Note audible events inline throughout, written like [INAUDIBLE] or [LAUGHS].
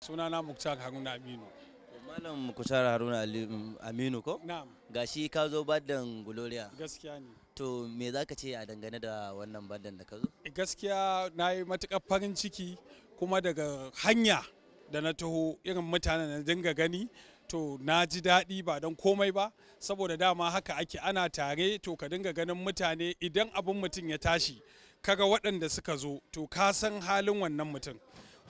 sunana muktar haruna aminu malam muktar haruna mm, aminu ko na'am gashi ka zo badan gloria gaskiya ne to me zaka ce a dangane da wannan badan da ka zo eh, gaskiya na yi matukar farin ciki kuma daga hanya da na taho irin mutanen na dinga gani to na ji daɗi ba don komai ba saboda dama haka ake ana tare to ka dinga ganin mutane idan abin mutum ya tashi kaga waɗanda suka zo to ka san halin wannan mutum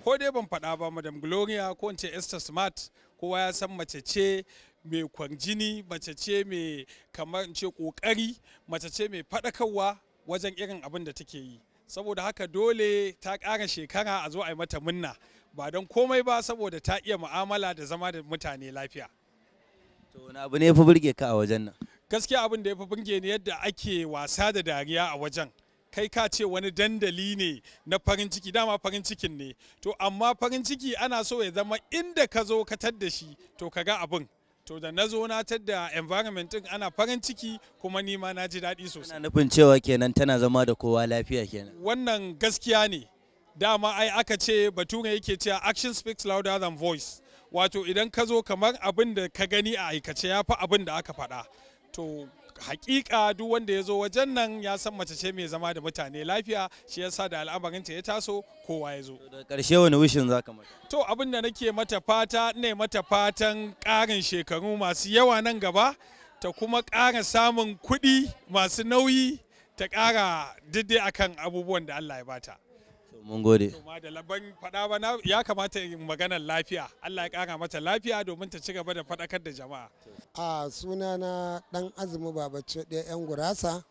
ko dai ban faɗa ba madam gloria ko in esther smart kowa ya san mace ce mai kwanjini mace ce mai kamar in ce kokari mace ce mai faɗakarwa wajen irin abin da take yi saboda haka dole ta kara shekara a zo a yi mata munna ba don komai ba saboda ta iya mu'amala da zama da mutane lafiya to wani abu ne ya fi burge ka a wajen nan gaskiya abin da ya fi burge ni yadda ake wasa da dariya a wajen kai ka ce wani dandali ne na farin ciki dama farin cikin ne to amma farin ciki ana so ya zama inda ka zo ka da shi to ka ga abin to da na zo na da environment din ana farin ciki kuma ni ma na ji daɗi sosai ana nufin cewa kenan tana zama da kowa lafiya kenan wannan gaskiya ne dama ai aka ce bature yake cewa action speaks louder than voice wato idan ka zo kamar abin da ka gani a aikace ya fi abin da aka faɗa to hakika duk wanda ya zo wajen nan ya san mace ce mai zama da mutane lafiya shi yasa da al'amarinta ya taso kowa ya zo da karshe wani wishin za mata to abin da nake mata fata ne mata fatan ƙarin shekaru masu yawa nan gaba ta kuma ƙara samun kuɗi masu nauyi ta ƙara daidai akan abubuwan da Allah ya bata mun gode laban faɗa ba na ya kamata in maganar lafiya Allah ya ƙara mata lafiya domin ta ci gaba da faɗakar da jama'a a suna na ɗan azumi babace ɗaya yan gurasa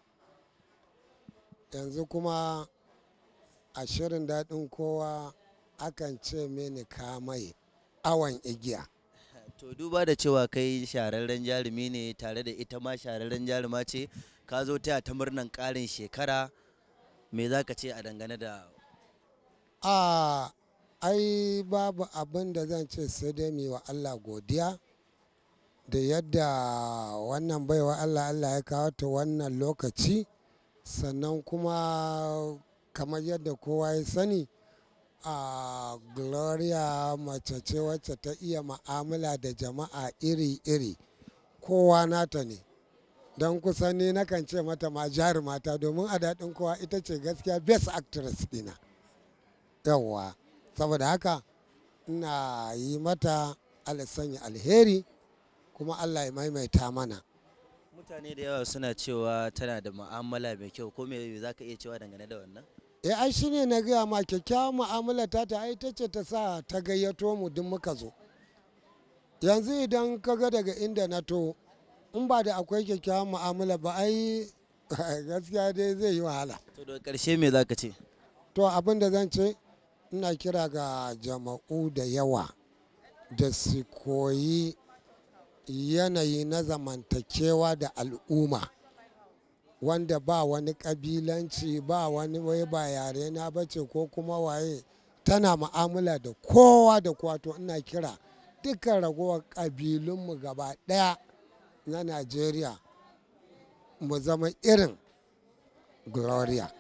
yanzu kuma a shirin daɗin kowa akan ce ka mai, awon igiya to duba da cewa kai shararren jarumi ne tare da ita ma shararren jaruma ce ka zo taya ta murnan ƙarin shekara me za ka ce a dangane da A ai babu abin da zan ce sai dai mu wa Allah godiya da yadda wannan baiwa Allah Allah ya kawo ta wannan lokaci sannan kuma kamar yadda kowa ya sani a gloria mace ce wacce ta iya ma'amala da jama'a iri-iri kowa nata ne don kusan ni nakan ce mata ma jari mata domin a daɗin kowa ita ce gaskiya best actress dina yawwa saboda haka ina yi mata alisanya alheri kuma allah ya maimaita mana mutane da yawa suna cewa tana da mu'amala mai kyau ko me za ka iya cewa dangane da wannan e ai shi ne na gaya ma kyakkyawan mu'amala ta ta ai ta ce ta sa ta gayyato mu duk muka zo yanzu idan ka ga daga inda na to in ba da akwai kyakkyawan mu'amala ba ai [LAUGHS] gaskiya dai zai yi wahala to da karshe me za ka ce to abin da zan ce ina kira ga jama'u da yawa da su koyi yanayi na zamantakewa da al'umma wanda ba wani kabilanci ba wani wai ba yare na bace ko kuma waye tana ma'amula da kowa da kowa to ina kira dukkan ragowar kabilunmu gaba ɗaya na najeriya mu zama irin gloria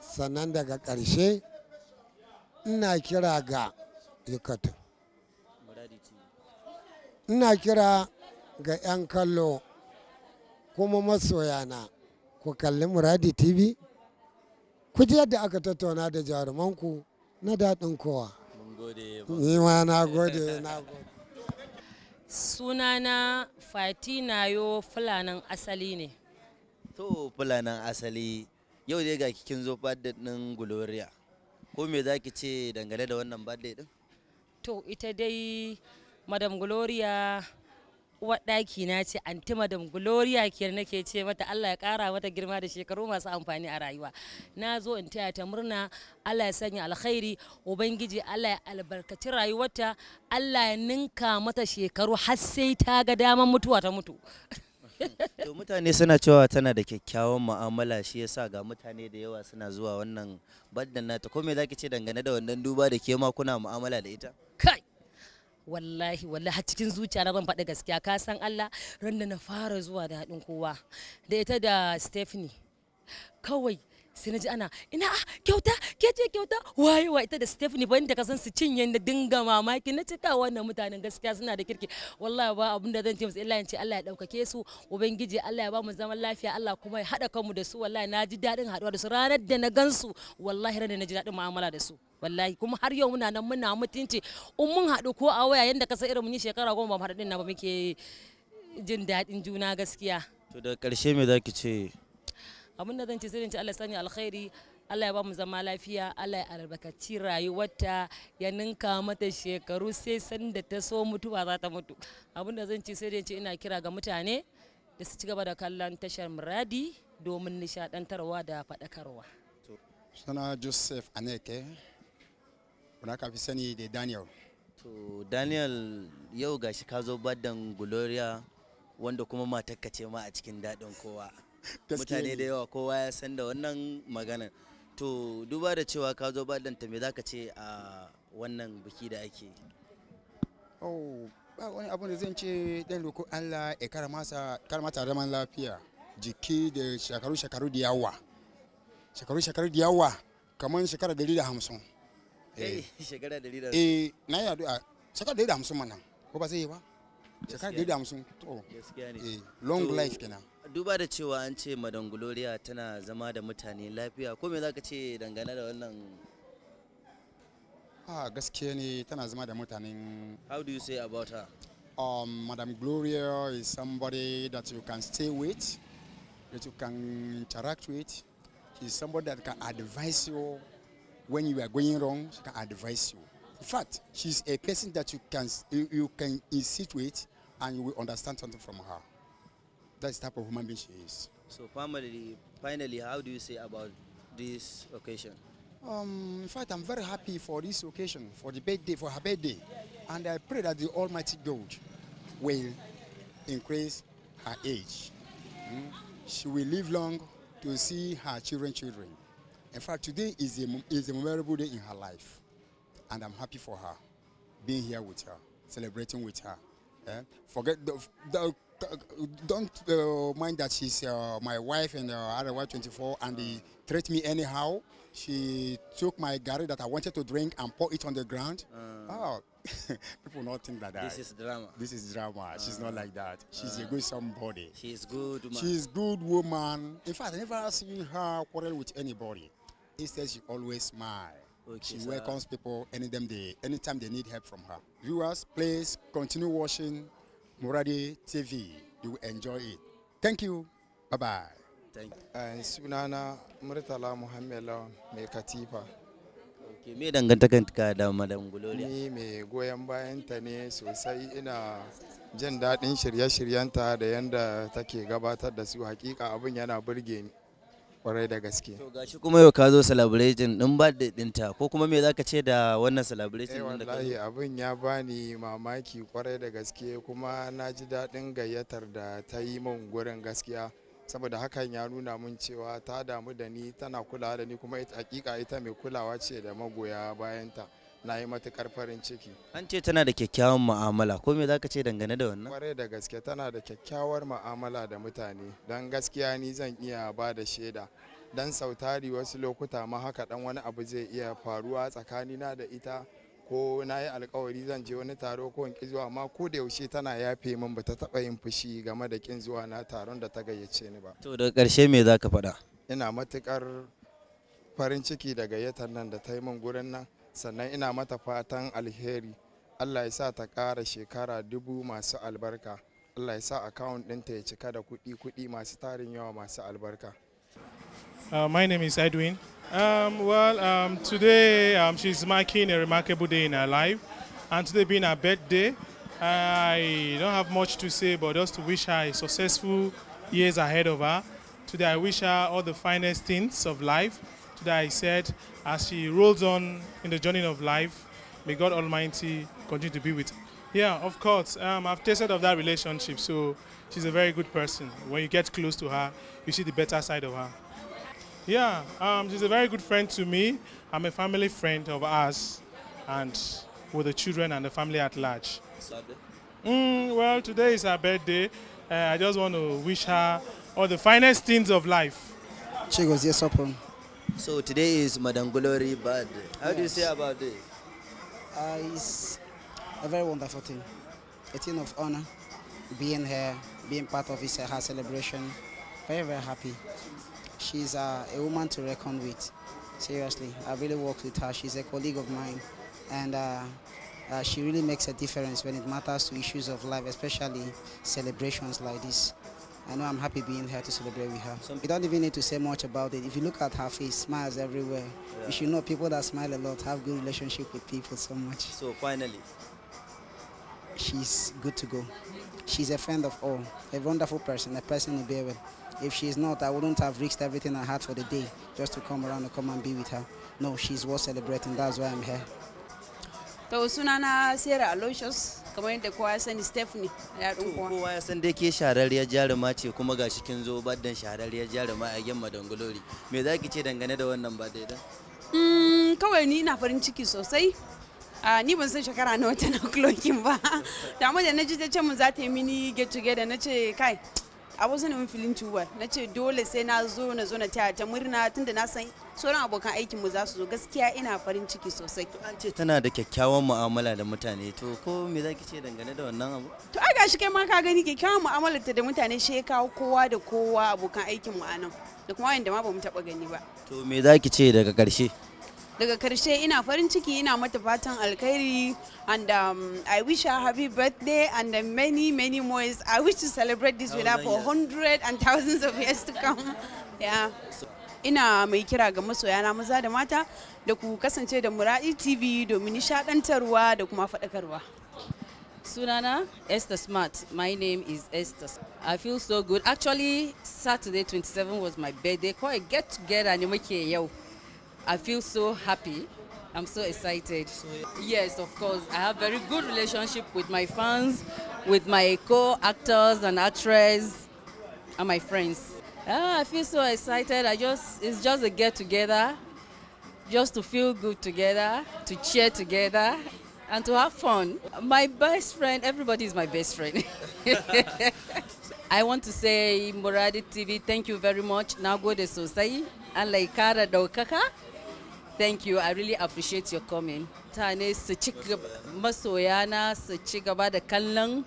sannan daga ƙarshe ina kira ga yukatu ina kira ga 'yan kallo kuma masoyana ku kalli muradi tv ku ji yadda aka tattauna da jarumanku na daɗin kowa ni ma na gode na gode sunana fatina yo fulanin asali ne to fulanin asali yau dai ga kikin zo faɗin gloria ko me za ki ce dangane da wannan birthday din to ita dai madam gloria uwar ɗaki na ce anti madam gloria kiyar nake ce mata allah ya ƙara mata girma da shekaru masu amfani a rayuwa na zo in taya ta murna allah ya sanya alkhairi ubangiji allah ya albarkaci rayuwarta allah ya ninka mata shekaru har sai ta ga damar mutuwa ta mutu [LAUGHS] to mutane suna cewa tana da kyakkyawan mu'amala shi yasa ga mutane da yawa suna zuwa wannan baddan nata ko me zaki ce dangane da wannan duba da ke ma kuna mu'amala da ita kai wallahi wallahi cikin zuciya na ban faɗi gaskiya ka san Allah ran da na fara zuwa da haɗin kowa da ita da Stephanie kawai sai na ji ana ina a kyauta ke ce kyauta waye wa ita da Stephanie ban da kasan su cinye na dinga mamaki na cika wannan mutanen gaskiya suna da kirki wallahi ba abin da zan ce musu illa ce Allah ya daukake su ubangiji Allah ya ba mu zaman lafiya Allah kuma ya hada kanmu da su wallahi na ji dadin haduwa da su ranar da na gansu wallahi ranar da na ji dadin mu'amala da su wallahi kuma har yau muna nan muna mutunci in mun haɗu ko a waya yanda kasa irin mun yi shekara goma ba mu haɗu na ba muke jin daɗin juna gaskiya to da karshe me zaki ce abin da zan ce sai Allah sani alkhairi Allah ya ba mu zama lafiya Allah ya albarkaci rayuwarta ya ninka mata shekaru sai sanda ta so mutuwa za ta mutu abin da zan ce sai ce ina kira ga mutane da su ci gaba da kallon tashar muradi domin nishadantarwa da faɗakarwa. Suna Joseph Aneke, kuna kafi sani da Daniel. To Daniel yau gashi ka zo badan Gloria wanda kuma matakka ce ma a cikin daɗin kowa. mutane da yawa kowa ya san da wannan maganar to duba da cewa ka zo baɗanta me zaka ce a wannan biki da ake oh ba wani abin da zan ce dan roko Allah ya karama sa karama mata zaman lafiya jiki da shakaru shakaru da yawa shakaru shakaru da yawa kamar shekara 150 eh [LAUGHS] shekara 150 eh na yi addu'a shekara 150 mana ko ba zai yi ba shekara ɗaya eh, long life kenan duba da cewa an ce madan gloria tana zama da mutane lafiya ko me zaka ce dangane da wannan ah gaskiya ne tana zama da mutane. how do you say about her um, madam gloria is somebody that you can stay with that you can interact with she's somebody that can advise you when you are going wrong she can advise you in fact she's a person that you can you, you can sit with and you will understand something from her. That's the type of woman being she is. So finally, finally, how do you say about this occasion? Um, in fact, I'm very happy for this occasion, for the birthday, for her birthday. And I pray that the Almighty God will increase her age. Mm? She will live long to see her children children. In fact, today is a, is a memorable day in her life. And I'm happy for her, being here with her, celebrating with her. Eh? Forget the, the, the uh, don't uh, mind that she's uh, my wife and uh, RY 24 and they treat me anyhow. She took my gari that I wanted to drink and pour it on the ground. Ah. Oh, [LAUGHS] people not think that this I, is drama. This is drama. she's not ah. like that. She's a ah. good somebody. She's good. She's good woman. In fact, I never seen her quarrel with anybody. Instead, she always smile. Okay, she welcomes people them they anytime they need help from her. viewers, please continue watching Muradi TV. You will enjoy it. Thank you. Bye-bye. Thank you. Eh, sunana Murtala Muhammadu Mekatipa. mai katifa. Okay, me dangantakanka da Madam Gloria? Ni mai goyon bayanta ne sosai ina jin daɗin shirye-shiryenta da yanda take gabatar da su hakika abin yana burge ni. kwarai da gaske to gashi kuma yau ka zo celebration din birthday dinta ko kuma me zaka ce da wannan celebration din da eh, wallahi abin ya bani mamaki kwarai da gaske kuma na ji daɗin gayyatar da ta yi min gurin gaskiya saboda hakan ya nuna mun cewa ta damu da ni tana kulawa da ni kuma hakika ita mai kulawa ce da magoya bayanta na yi matukar farin ciki an ce tana da kyakkyawan mu'amala ko me zaka ce dangane da wannan kware da gaske tana da kyakkyawar ma'amala da mutane don gaskiya ni zan iya ba da shaida dan sautari wasu lokuta ma haka dan wani abu zai iya faruwa tsakanina da ita ko na yi alkawari zan je wani taro ko in zuwa amma ko da yaushe tana yafe min ba ta taba yin fushi game da kin zuwa na taron da ta gayyace ni ba to daga karshe me zaka faɗa ina matukar farin ciki da gayyatar nan da ta yi min gurin nan sannan ina mata fatan alheri allah ya sa ta ƙara shekara dubu masu albarka allah ya sa akawun ɗinta ya cika da kuɗi kuɗi masu tarin yawa masu albarka Uh, my name is Edwin. Um, well, um, today um, she's marking a remarkable day in her life, and today being her birthday, I don't have much to say, but just to wish her a successful years ahead of her. Today, I wish her all the finest things of life, that he said as she rolls on in the journey of life. May God Almighty continue to be with her. Yeah, of course. Um, I've tasted of that relationship, so she's a very good person. When you get close to her, you see the better side of her. Yeah, um, she's a very good friend to me. I'm a family friend of ours and with the children and the family at large. Mm, well, today is her birthday. Uh, I just want to wish her all the finest things of life. yes Sopon. So today is Glory Bad. How yes. do you say about this? Uh, it's a very wonderful thing. A thing of honor, being here, being part of his, uh, her celebration. Very, very happy. She's uh, a woman to reckon with. Seriously, I really worked with her. She's a colleague of mine. And uh, uh, she really makes a difference when it matters to issues of life, especially celebrations like this. I know I'm happy being here to celebrate with her. you don't even need to say much about it. If you look at her face, smiles everywhere. Yeah. You should know people that smile a lot have good relationship with people so much. So finally, she's good to go. She's a friend of all, a wonderful person, a person to be with. If she's not, I wouldn't have risked everything I had for the day just to come around and come and be with her. No, she's worth celebrating. That's why I'm here. To sunana Sierra Aloysius. kamar yadda kowa ya sani stephanie ya kowa kowa ya san dai ke shahararriyar jaruma ce kuma ga shi kin zo baddan shahararriyar jaruma a yamma dangulori me za ki ce dangane da wannan ba daidan mm, kawai ni na farin ciki sosai ni ban san shekara wata na clocking ba [LAUGHS] da da na ji ta ce mun za ta yi mini get together na ce kai a wasu even filin tuwa Na ce dole sai na zo na zo na taya ta murna tunda na san sauran abokan aikin mu za su zo gaskiya ina farin ciki sosai. An ce tana da kyakkyawan mu'amala da mutane to ko me za ki ce dangane da wannan abu? To a gashi kai ma ka gani kyakkyawan mu'amala ta da mutane shi ya kawo kowa da kowa abokan aikin mu anan da kuma wanda ma ba mu taba gani ba. To me za ki ce daga karshe. daga karshe ina farin ciki ina mata fatan alkhairi and um, I wish her happy birthday and uh, many many more years. I wish to celebrate this with her for hundreds and thousands of years to come. [LAUGHS] yeah. Ina mai kira ga masoya na maza da mata da ku kasance da Muradi TV domin nishadantarwa da kuma faɗakarwa. Sunana Esther Smart. My name is Esther. I feel so good. Actually, Saturday 27 was my birthday. Quite get together ne muke yau. I feel so happy. I'm so excited. Yes, of course. I have very good relationship with my fans, with my co-actors and actresses, and my friends. Ah, I feel so excited. I just it's just a get together, just to feel good together, to cheer together, and to have fun. My best friend, everybody is my best friend. [LAUGHS] I want to say Moradi TV, thank you very much. Now go to Sosai and Kara Daukaka. Thank you. I really appreciate your coming. Mutane su ci masoyana su ci gaba da kallon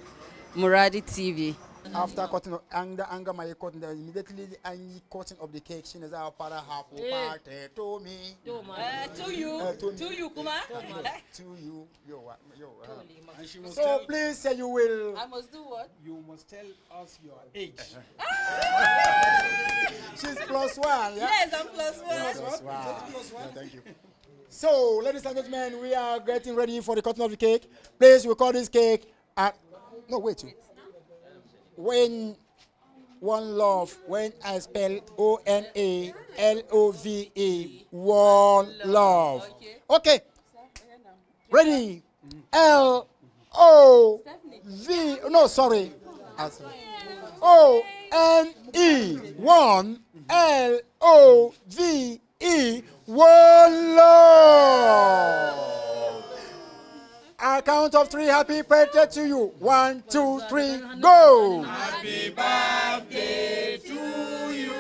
Muradi TV. Mm-hmm. after cutting of anger, anger my cutting, then immediately the angry cutting of the cake, she is our para happy party to me. To you. To you, Kuma. To you. Yo, yo. And she must so tell, please say you will. I must do what? You must tell us your [LAUGHS] age. Ah! She's plus one, yeah? Yes, I'm plus one. Plus, plus one. one. Plus one. No, thank you. So, ladies and gentlemen, we are getting ready for the cutting of the cake. Please, we call this cake at... No, wait. wait when one love, when I spell O N A L O V E, one love. Okay. Ready? L O V. No, sorry. O N E. One. L O V E. One love. A count of three. Happy birthday to you. One, two, three, go. Happy birthday to you.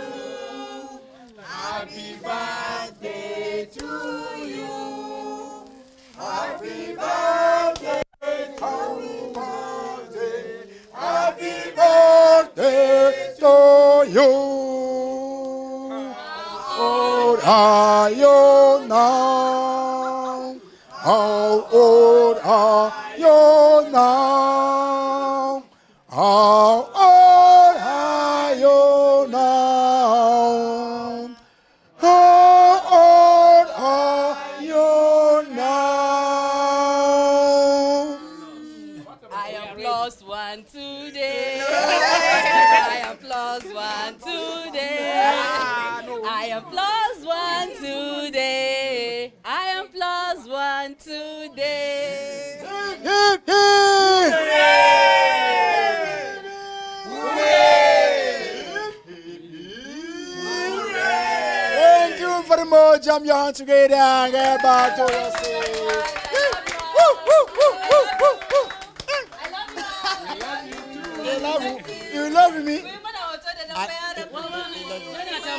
Happy birthday to you. Happy birthday. Happy birthday. Happy birthday to you. one today. I am plus one today. I am plus one today. Hip, hip. Hooray! Hooray! Hooray! Thank you very much. Jam your hands together and get back to your seat. You love me.